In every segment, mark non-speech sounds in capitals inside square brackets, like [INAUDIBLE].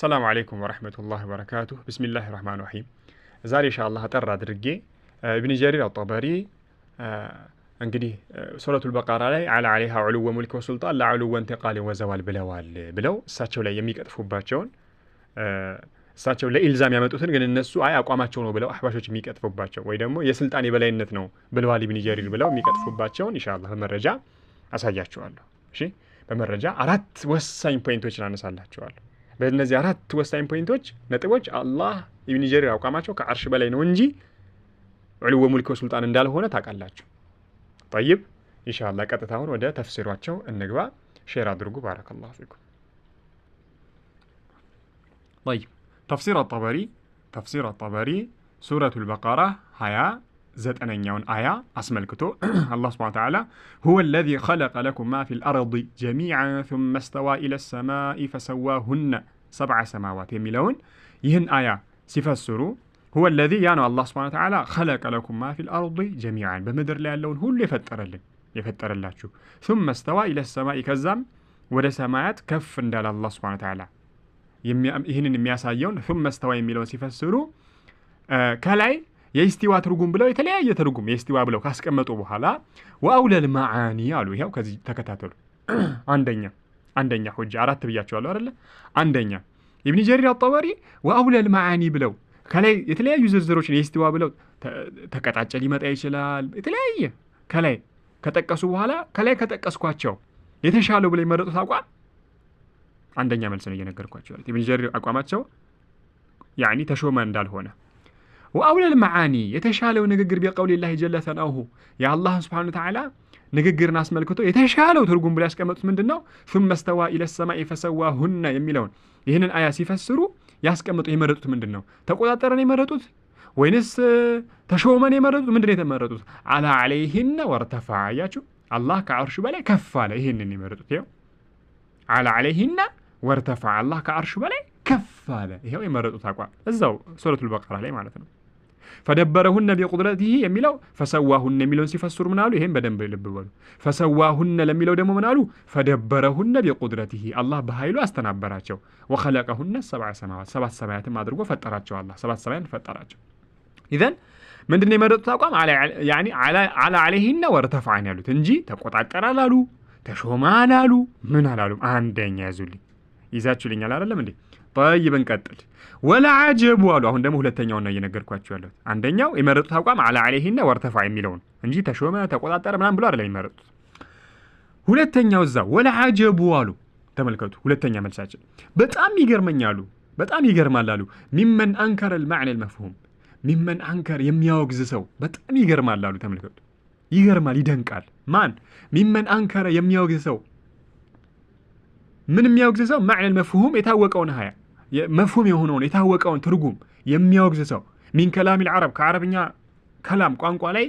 ሰላም አለይኩም ወረህመቱላህ ወበረካቱ ብስሚላህ ራህማን ራሒም። ዛሬ እንሻ አላህ አጠር አድርጌ ኢብን ጀሪር አጠበሪ እንግዲህ ሱረቱል በቃራ ላይ አላ አለይሃ ዕሉወ ሙልክ ወሱልጣን ለዐሉወ እንቲቃል ወዘዋል ብለዋል ብለው እሳቸው ላይ የሚቀጥፉባቸውን እሳቸው ለኢልዛም ያመጡትን ግን እነሱ አይ አቋማቸው ነው ብለው አህባሾች የሚቀጥፉባቸው ወይ ደግሞ የስልጣን የበላይነት ነው ብለዋል ኢብን ጀሪር ብለው የሚቀጥፉባቸውን እንሻ አላህ በመረጃ አሳያችኋለሁ። እሺ በመረጃ አራት ወሳኝ ፖይንቶችን አነሳላችኋለሁ። በእነዚህ አራት ወሳኝ ፖይንቶች ነጥቦች አላህ ኢብን ጀሪር አቋማቸው ከአርሽ በላይ ነው እንጂ ዕልወ ሙልክ ወሱልጣን እንዳልሆነ ታውቃላችሁ። ጠይብ እንሻላ ቀጥታ አሁን ወደ ተፍሲሯቸው እንግባ። ሼር አድርጉ። ባረከላሁ ፊኩም። ጠይብ ተፍሲር አጠበሪ ተፍሲር አጠበሪ ሱረቱል በቀራ ሀያ ዘጠነኛውን አያ አስመልክቶ [CLEARS THROAT] አላህ ስብሐነ ወተዓላ ሁወ ለዚ ኸለቀ ለኩም ማ ፊል አርዲ ጀሚዐን ሱመ ስተዋ ኢለ ሰማኢ ፈሰዋሁነ ሰብዐ ሰማዋት የሚለውን ይህን አያ ሲፈስሩ ሁወ ለዚ ያ ነው አላህ ስብሐነ ወተዓላ ኸለቀ ለኩም ማ ፊል አርዲ ጀሚዐን በምድር ላይ ያለውን ሁሉ የፈጠረልን የፈጠረላችሁ ሱመ ስተዋ ኢለ ሰማኢ ከዛም ወደ ሰማያት ከፍ እንዳለ አላህ ስብሐነ ወተዓላ ይህንን የሚያሳየውን ሱመ ስተዋ የሚለውን ሲፈስሩ ከላይ የኢስቲዋ ትርጉም ብለው የተለያየ ትርጉም የኢስቲዋ ብለው ካስቀመጡ በኋላ ወአውለል መዓኒ አሉ። ይኸው ከዚህ ተከታተሉ። [CLEARS THROAT] አንደኛ አንደኛ ሁጅ አራት ብያቸዋለሁ አይደለ? አንደኛ ኢብኒ ጀሪር አጣበሪ ወአውለል መዓኒ ብለው ከላይ የተለያዩ ዝርዝሮችን የኢስቲዋ ብለው ተቀጣጨ ሊመጣ ይችላል። የተለያየ ከላይ ከጠቀሱ በኋላ ከላይ ከጠቀስኳቸው የተሻለው ብለው የመረጡት አቋም አንደኛ መልስ ነው እየነገርኳቸው። ኢብኒ ጀሪር አቋማቸው ያኒ ተሾመ እንዳልሆነ ወአውለል መዓኒ የተሻለው ንግግር ቢቀውሊላሂ ጀለ ሰናሁ የአላህን ስብሓነ ወተዓላ ንግግርን አስመልክቶ የተሻለው ትርጉም ብሎ ያስቀመጡት ምንድን ነው? ሱመ ስተዋ ኢለ ሰማኢ ፈሰዋሁነ የሚለውን ይህንን አያ ሲፈስሩ ያስቀመጡ የመረጡት ምንድን ነው? ተቆጣጠረን የመረጡት ወይንስ ተሾመን የመረጡት ምንድን ነው የተመረጡት? አላ ዓለይህነ ወርተፋ አያችሁ፣ አላህ ከአርሹ በላይ ከፍ አለ። ይህንን የመረጡት ይኸው አላ ዓለይህነ ወርተፋ አላህ ከአርሹ በላይ ከፍ አለ። ይኸው የመረጡት አቋም እዛው ሱረቱል በቀራ ላይ ማለት ነው። ፈደበረሁነ ቢቁድረቲህ የሚለው ፈሰዋሁነ የሚለውን ሲፈስሩ ምናሉ ይሄም በደንብ ልብ በሉ። ፈሰዋሁነ ለሚለው ደግሞ ምናሉ ፈደበረሁነ ቢቁድረቲህ አላህ በኃይሉ አስተናበራቸው። ወኸለቀሁነ ሰብዐ ሰማዋት ሰባት ሰማያትም አድርጎ ፈጠራቸው። አላህ ሰባት ሰማያት ፈጠራቸው። ኢዘን ምንድነው የመረጡት አቋም? አላ አለይህና ወርተፍዐን ያሉት እንጂ ተቆጣጠር አላሉ ተሾመ አላሉ ምን አላሉም። አንደኛ ያዙልኝ ይዛችሁልኛል አይደለም እንዴ? ጠይብ እንቀጥል። ወላ አጀቡ አሉ። አሁን ደግሞ ሁለተኛውን ነው እየነገርኳቸው ያለሁት። አንደኛው የመረጡት አቋም አላ አለይህና ወርተፋ የሚለውን እንጂ ተሾመ ተቆጣጠረ ምናም ብሎ አደለ የመረጡት። ሁለተኛው እዛ ወላ አጀቡ አሉ። ተመልከቱ፣ ሁለተኛ መልሳችን በጣም ይገርመኛሉ፣ በጣም ይገርማል አሉ። ሚመን አንከር ልማዕነ ልመፍሁም ሚመን አንከር የሚያወግዝ ሰው በጣም ይገርማል አሉ። ተመልከቱ፣ ይገርማል፣ ይደንቃል። ማን ሚመን አንከረ የሚያወግዝ ሰው ምን የሚያወግዝ ሰው ማዕነል መፍሁም የታወቀውን ሀያ መፍሁም የሆነውን የታወቀውን ትርጉም የሚያወግዝ ሰው ሚን ከላሚል ዓረብ ከአረብኛ ከላም ቋንቋ ላይ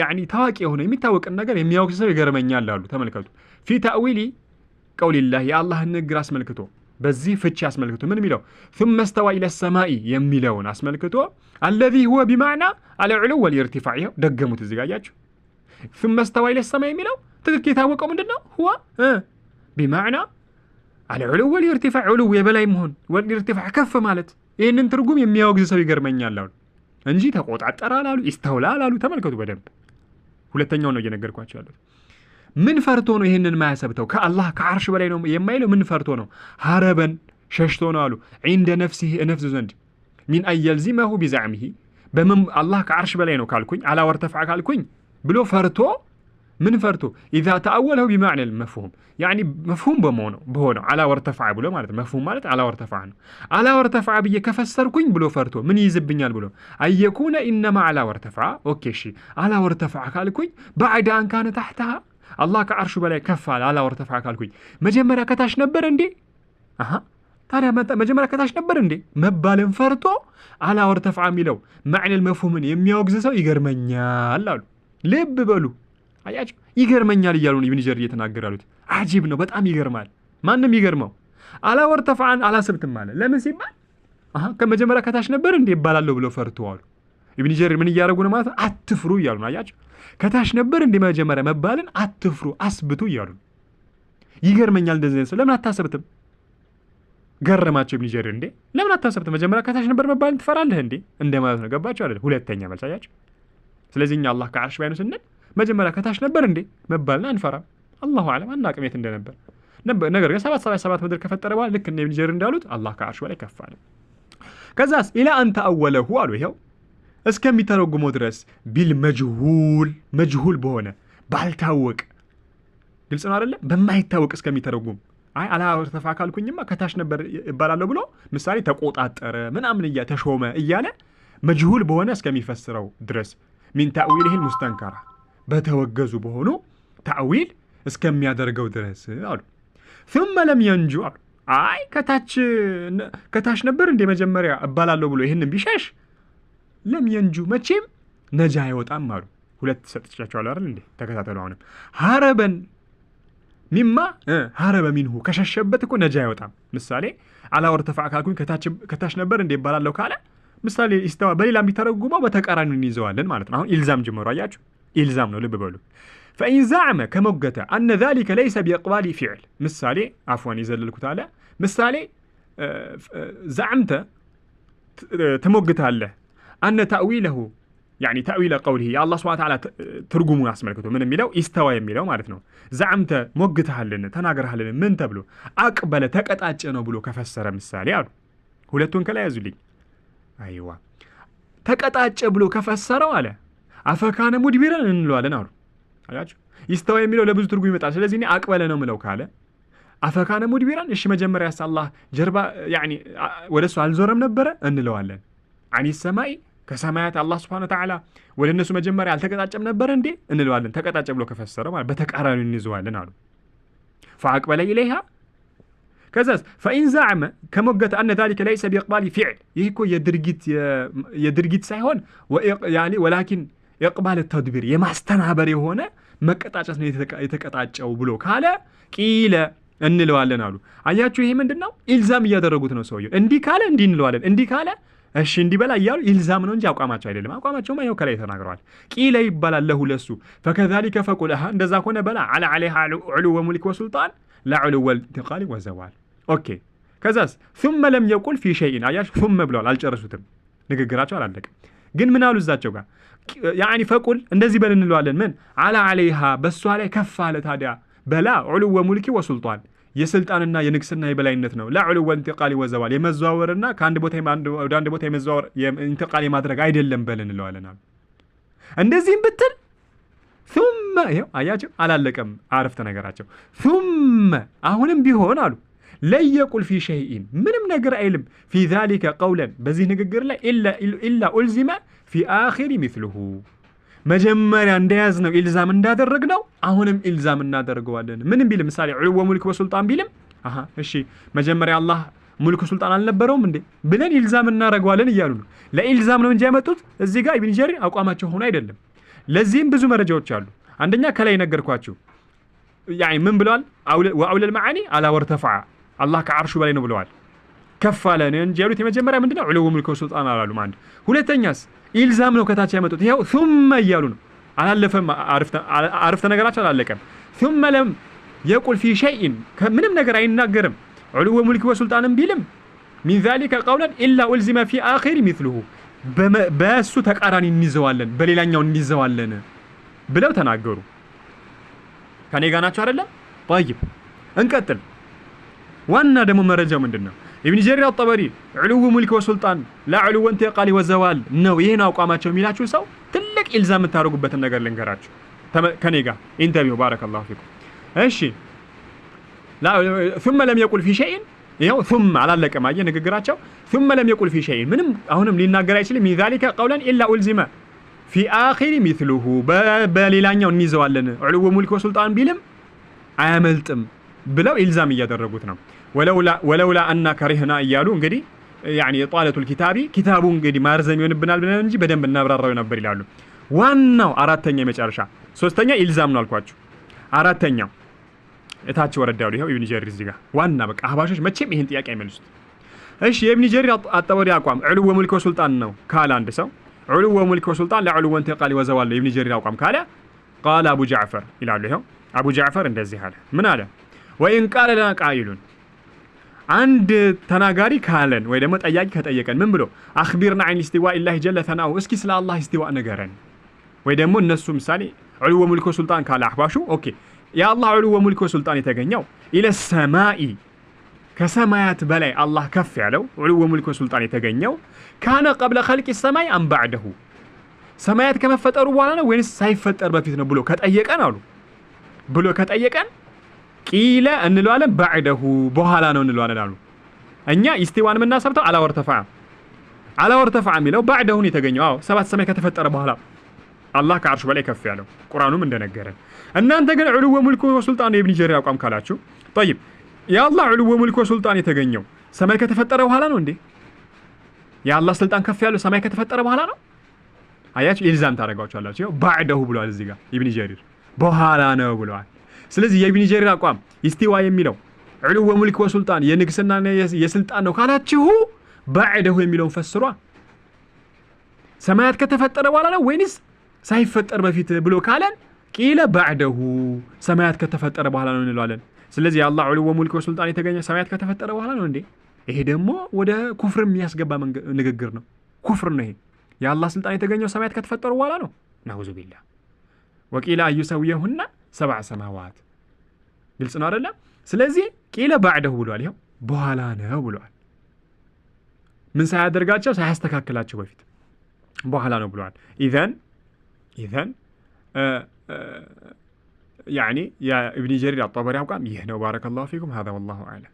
ያኒ ታዋቂ የሆነ የሚታወቅን ነገር የሚያወግዝ ሰው ይገርመኛል አሉ። ተመልከቱ። ፊ ተእዊሊ ቀውሊላህ የአላህን ንግግር አስመልክቶ በዚህ ፍቺ አስመልክቶ ምን የሚለው ثم استوى الى السماء የሚለውን አስመልክቶ الذي هو بمعنى العلو والارتفاع ይኸው ደገሙት። እዚህ ጋያችሁ ثم استوى الى السماء የሚለው ትክክል የታወቀው ምንድን ነው? هو بمعنى على علو ولي ارتفاع علو يا بلاي مهون ولي ارتفاع كف مالت ان انت رقوم يمي اوكزي سوي قرمين يالاون انجي تقوط عطر لالو استهولا لالو تملكو تو بدم ولتن يونو جنگر كواتش يالو من فرطونو يهنن ما يسبتو كالله كعرش بلاي نوم يمايلو من فرطونو هاربا ششتونو الو عند نفسه نفس زند من اي يلزمه بزعمه بمم الله كعرش بلاي كالكوين على وارتفع كالكوين بلو فرطو من فرتو اذا تاوله بمعنى المفهوم يعني مفهوم بمونو بهونو على ورتفع بلو مالت مفهوم مالت على ورتفع على ورتفع بي كفسركوين بلو فرتو من يزبنيال بلو اي يكون انما على ورتفع اوكي شي على ورتفع قالكوي بعد ان كان تحتها الله كعرش بلا كفال على ورتفع قالكوي مجمرا كتاش نبر اندي اها تاري مجمرا كتاش نبر اندي مبال فرتو على ورتفع ميلو معنى المفهوم يميوغزسو يغرمنيال لب بلو አያችሁ ይገርመኛል እያሉ ነው ኢብን ጀሪ ያሉት። አጂብ ነው በጣም ይገርማል። ማንም ይገርመው አላወርተፋን አላስብትም አለ። ለምን ሲባል ከመጀመሪያ ከታች ነበር እንዴ ይባላለሁ ብለው ፈርተዋሉ። ኢብን ጀሪር ምን እያደረጉ ነው ማለት አትፍሩ እያሉ ነው። አያችሁ ከታች ነበር እንዴ መጀመሪያ መባልን አትፍሩ አስብቱ እያሉ ነው። ይገርመኛል እንደዚህ ሰው ለምን አታስብትም? ገረማቸው ኢብን ጀሪር እንዴ ለምን አታሰብትም? መጀመሪያ ከታች ነበር መባልን ትፈራለህ እንዴ እንደማለት ነው። ገባቸው አይደል? ሁለተኛ መልስ አያችሁ። ስለዚህ እኛ አላህ ከአርሽ ስንል መጀመሪያ ከታች ነበር እንዴ መባልን አንፈራም። አላሁ አለም አናቅም የት እንደነበር። ነገር ግን ሰባት ሰባት ሰባት ምድር ከፈጠረ በኋላ ልክ እነ ኢብን እንዳሉት አላህ ከአርሹ በላይ ከፍ አለ። ከዛስ ኢላ አንተ አወለሁ አሉ። ይኸው እስከሚተረጉመው ድረስ ቢል መጅሁል መጅሁል በሆነ ባልታወቅ ግልጽ ነው አደለ? በማይታወቅ እስከሚተረጉም አይ አላርተፋ ካልኩኝማ ከታች ነበር ይባላለሁ ብሎ ምሳሌ ተቆጣጠረ ምናምን እያ ተሾመ እያለ መጅሁል በሆነ እስከሚፈስረው ድረስ ሚን ታዊል ይህል ሙስተንከራ በተወገዙ በሆኑ ታዕዊል እስከሚያደርገው ድረስ አሉ። ثመ ለም የንጁ አሉ። አይ ከታች ነበር እንደ መጀመሪያ እባላለሁ ብሎ ይህንን ቢሸሽ ለም የንጁ መቼም ነጃ አይወጣም አሉ። ሁለት ሰጥቻቸዋል አይደል እንዴ? ተከታተሉ። አሁንም ሀረበን ሚማ ሀረበ ሚንሁ ከሸሸበት እኮ ነጃ አይወጣም። ምሳሌ አላወር ተፋ ካልኩኝ ከታች ነበር እንዴ ይባላለሁ ካለ ምሳሌ ይስተዋ በሌላ የሚተረጉመው በተቃራኒ እንይዘዋለን ማለት ነው። አሁን ኢልዛም ጀመሩ አያችሁ። إلزام لو لببولو فإن زعم كمجتة أن ذلك ليس بإقبالي فعل مثالي عفوا يزل الكتالة مثالي آه، آه، زعمت آه، تموجت الله أن تأويله يعني تأويل قوله يا الله سبحانه وتعالى ترجموا ناس ملكته من الميلو استوى يميلو ما عرفناه زعمت موجت هالنا تناجر هالنا من تبلو أقبل تكت أجنو بلو كفسر مثال يعني هو لا تون كلا يزولي أيوة تكت أجنو بلو كفسر ولا አፈካነ ሙድቢረን እንለዋለን አሉ። አያችሁ ይስተዋ የሚለው ለብዙ ትርጉም ይመጣል። ስለዚህ እኔ አቅበለ ነው ምለው ካለ አፈካነ ሙድቢራን፣ እሺ መጀመሪያ አላህ ጀርባ ወደ እሱ አልዞረም ነበረ እንለዋለን። አኒ ሰማይ ከሰማያት አላህ ስብሐነ ተዓላ ወደ እነሱ መጀመሪያ አልተቀጣጨም ነበረ እንዴ እንለዋለን። ተቀጣጨ ብሎ ከፈሰረው ማለት በተቃራኒ እንይዘዋለን አሉ። ፈአቅበለ ኢለይሃ ከዛስ ፈኢን ዛዕመ ከሞገተ አነ ዛሊከ ለይሰ ቢቅባሊ ፊዕል፣ ይህ እኮ የድርጊት ሳይሆን ወላኪን የቅባል ተድቢር የማስተናበር የሆነ መቀጣጨት ነው የተቀጣጨው ብሎ ካለ ቂለ እንለዋለን አሉ። አያችሁ፣ ይሄ ምንድን ነው? ኢልዛም እያደረጉት ነው ሰውየው። እንዲህ ካለ እንዲህ እንለዋለን፣ እንዲህ ካለ እሺ እንዲበላ እያሉ ኢልዛም ነው እንጂ አቋማቸው አይደለም። አቋማቸውም ይኸው ከላይ ተናግረዋል። ቂለ ይባላል ለሁለሱ ፈከዛሊከ ፈቁል እንደዛ ከሆነ በላ አለ ዓለይሃ ዕሉ ወሙልክ ወሱልጣን ለዕሉ ወልትቃል ወዘዋል። ኦኬ ከዛስ ሱመ ለም የቁል ፊ ሸይን አያሽ ሱመ ብለዋል። አልጨረሱትም፣ ንግግራቸው አላለቅም። ግን ምን አሉ እዛቸው ጋር يعني فقول اندزي بل نلوالن من على عليها بس على كفة على بلا علو ملكي وسلطان يسلطاننا ينكسرنا يبلاي نتنو لا علو وانتقالي وزوال يمزوورنا كان دبوتي ما اندو دان دبوتي مزوور انتقالي ما ترك عيد اللم بل نلوالن اندزي بتل ثم ايو اياجو على لكم عرفتنا قراجو ثم أهون بيهون علو لا يقول في شيء من من نقر علم في ذلك قولا بزي نقر لا إلا, إلا إلا ألزم ፊ አኺሪ ሚስልሁ መጀመሪያ እንደያዝ ነው ኢልዛም እንዳደረግ ነው። አሁንም ኢልዛም እናደርገዋለን። ምንም ቢልም ምሳሌ ዑሉ ወሙልክ ወሱልጣን ቢልም እሺ መጀመሪያ አላህ ሙልክ ሱልጣን አልነበረውም እንዴ ብለን ኢልዛም እናደርገዋለን እያሉ ነው። ለኢልዛም ነው እንጂ ያመጡት እዚህ ጋር ኢብን ጀሪር አቋማቸው ሆኖ አይደለም። ለዚህም ብዙ መረጃዎች አሉ። አንደኛ ከላይ ነገርኳችሁ ምን ብለዋል? ወአውለል መዓኒ አላ ወርተፈዓ አላህ ከአርሹ በላይ ነው ብለዋል። ከፍ አለ እንጂ ያሉት የመጀመሪያ ምንድነው ዑሉ ወሙልክ ወሱልጣን አላሉም። አንድ ሁለተኛስ ኢልዛም ነው ከታች ያመጡት። ይኸው ሱመ እያሉ ነው። አላለፈም። አረፍተ ነገራቸው አላለቀም። ሱመ ለም የቁል ፊ ሸይን ከምንም ነገር አይናገርም። ዑልወ ሙልክ ወሱልጣንም ቢልም ሚን ዛሊከ ቀውለን ኢላ ኡልዚመ ፊ አኺሪ ሚስሉሁ በእሱ ተቃራኒ እንይዘዋለን፣ በሌላኛው እንይዘዋለን ብለው ተናገሩ። ከኔ ጋ ናቸው አይደለም? ጠይብ እንቀጥል። ዋና ደግሞ መረጃው ምንድን ነው? ابن جرير الطبري علو ملك وسلطان لا علو انتقالي وزوال نو يهنا وقاماتشو ميلاتشو سو تلك إلزام التاروق بتن نقر لنقراتشو تم... كنيقا انتبهوا بارك الله فيكم اشي لا ثم لم يقل في شيء يو ثم على لك ما يجينا قراتشو ثم لم يقل في شيء منم اهونم لنا قراتشو من ذلك قولا إلا ألزم في آخر مثله بالي لانيو نيزوال لنا علو ملك وسلطان بيلم عملتم بلو إلزام يدرقوتنا ወለውላ አና ከሪህና እያሉ እንግዲህ ያኒ ኪታቢ ኪታቡ እንግዲህ ማርዘም ይሆንብናል ብለን እንጂ በደንብ እናብራራው ነበር ይላሉ። ዋናው አራተኛ የመጨረሻ ሶስተኛ ኢልዛም ነው አልኳችሁ። አራተኛው እታች ወረድ ያሉ ይኸው ኢብን ጀሪር እዚህ ጋር ዋና በቃ አህባሾች መቼም ይህን ጥያቄ አይመልሱት። እሺ የኢብን ጀሪር አጠበሪ አቋም ዕሉወ ሙልክ ወሱልጣን ነው ካለ አንድ ሰው ዕሉወ ሙልክ ወሱልጣን ለዕሉወ እንተቃል ይወዘዋል የኢብን ጀሪር አቋም ካለ ቃለ አቡ ጃዕፈር ይላሉ። ይኸው አቡ ጃዕፈር እንደዚህ አለ። ምን አለ? ወኢን ቃለ ለና ቃኢሉን አንድ ተናጋሪ ካለን ወይ ደግሞ ጠያቂ ከጠየቀን ምን ብሎ አክቢርና አይን ስቲዋ ኢላህ ጀለ ተናው እስኪ ስለ አላህ ስቲዋ ንገረን ወይ ደግሞ እነሱ ምሳሌ ዕልወ ሙልኮ ሱልጣን ካለ አህባሹ ኦኬ የአላህ ዕልወ ሙልኮ ሱልጣን የተገኘው ኢለ ሰማኢ ከሰማያት በላይ አላህ ከፍ ያለው ዕልወ ሙልኮ ሱልጣን የተገኘው ካነ ቀብለ ኸልቂ ሰማይ አንባዕደሁ ሰማያት ከመፈጠሩ በኋላ ነው ወይንስ ሳይፈጠር በፊት ነው ብሎ ከጠየቀን አሉ ብሎ ከጠየቀን ቂለ እንለዋለን፣ ባዕደሁ በኋላ ነው እንለዋለን አሉ። እኛ ኢስቲዋን የምናሰብተው አላወርተፋ አላወርተፋ የሚለው ባዕደሁን የተገኘው አዎ፣ ሰባት ሰማይ ከተፈጠረ በኋላ አላህ ከአርሹ በላይ ከፍ ያለው ቁርአኑም እንደነገረን። እናንተ ግን ዕሉወ ሙልክ ወሱልጣኑ የኢብን ጀሪር አቋም ካላችሁ ጠይብ፣ የአላህ ዕሉወ ሙልክ ወሱልጣን የተገኘው ሰማይ ከተፈጠረ በኋላ ነው እንዴ? የአላህ ስልጣን ከፍ ያለው ሰማይ ከተፈጠረ በኋላ ነው? አያችሁ፣ ኢልዛም ታደርጓቸዋላችሁ። ባዕደሁ ብለዋል እዚህ ጋር ጀሪር በኋላ ነው ብለዋል። ስለዚህ የኢብን አቋም ኢስቲዋ የሚለው ዕሉ ወሙልክ ወሱልጣን የንግስና የስልጣን ነው ካላችሁ ባዕደሁ የሚለውን ፈስሯ ሰማያት ከተፈጠረ በኋላ ነው ወይንስ ሳይፈጠር በፊት ብሎ ካለን ቂለ ባዕደሁ ሰማያት ከተፈጠረ በኋላ ነው እንለዋለን። ስለዚህ የአላህ ዕሉ ወሙልክ ወሱልጣን የተገኘ ሰማያት ከተፈጠረ በኋላ ነው እንዴ? ይሄ ደግሞ ወደ ኩፍር የሚያስገባ ንግግር ነው። ኩፍር ነው ይሄ። የአላህ ስልጣን የተገኘው ሰማያት ከተፈጠሩ በኋላ ነው። ናውዙ ወቂላ አዩ ሰውየሁና سبع سماوات قلت نار الله سلازي كيلا بعده بلوال يوم بوهالانا بلوال من ساعه درقات شو ساعه استكاكلات شو بيفت بوهالانا بلوال إذن إذن آه آه يعني يا ابن جرير الطبري أبقى يهنا بارك الله فيكم هذا والله أعلم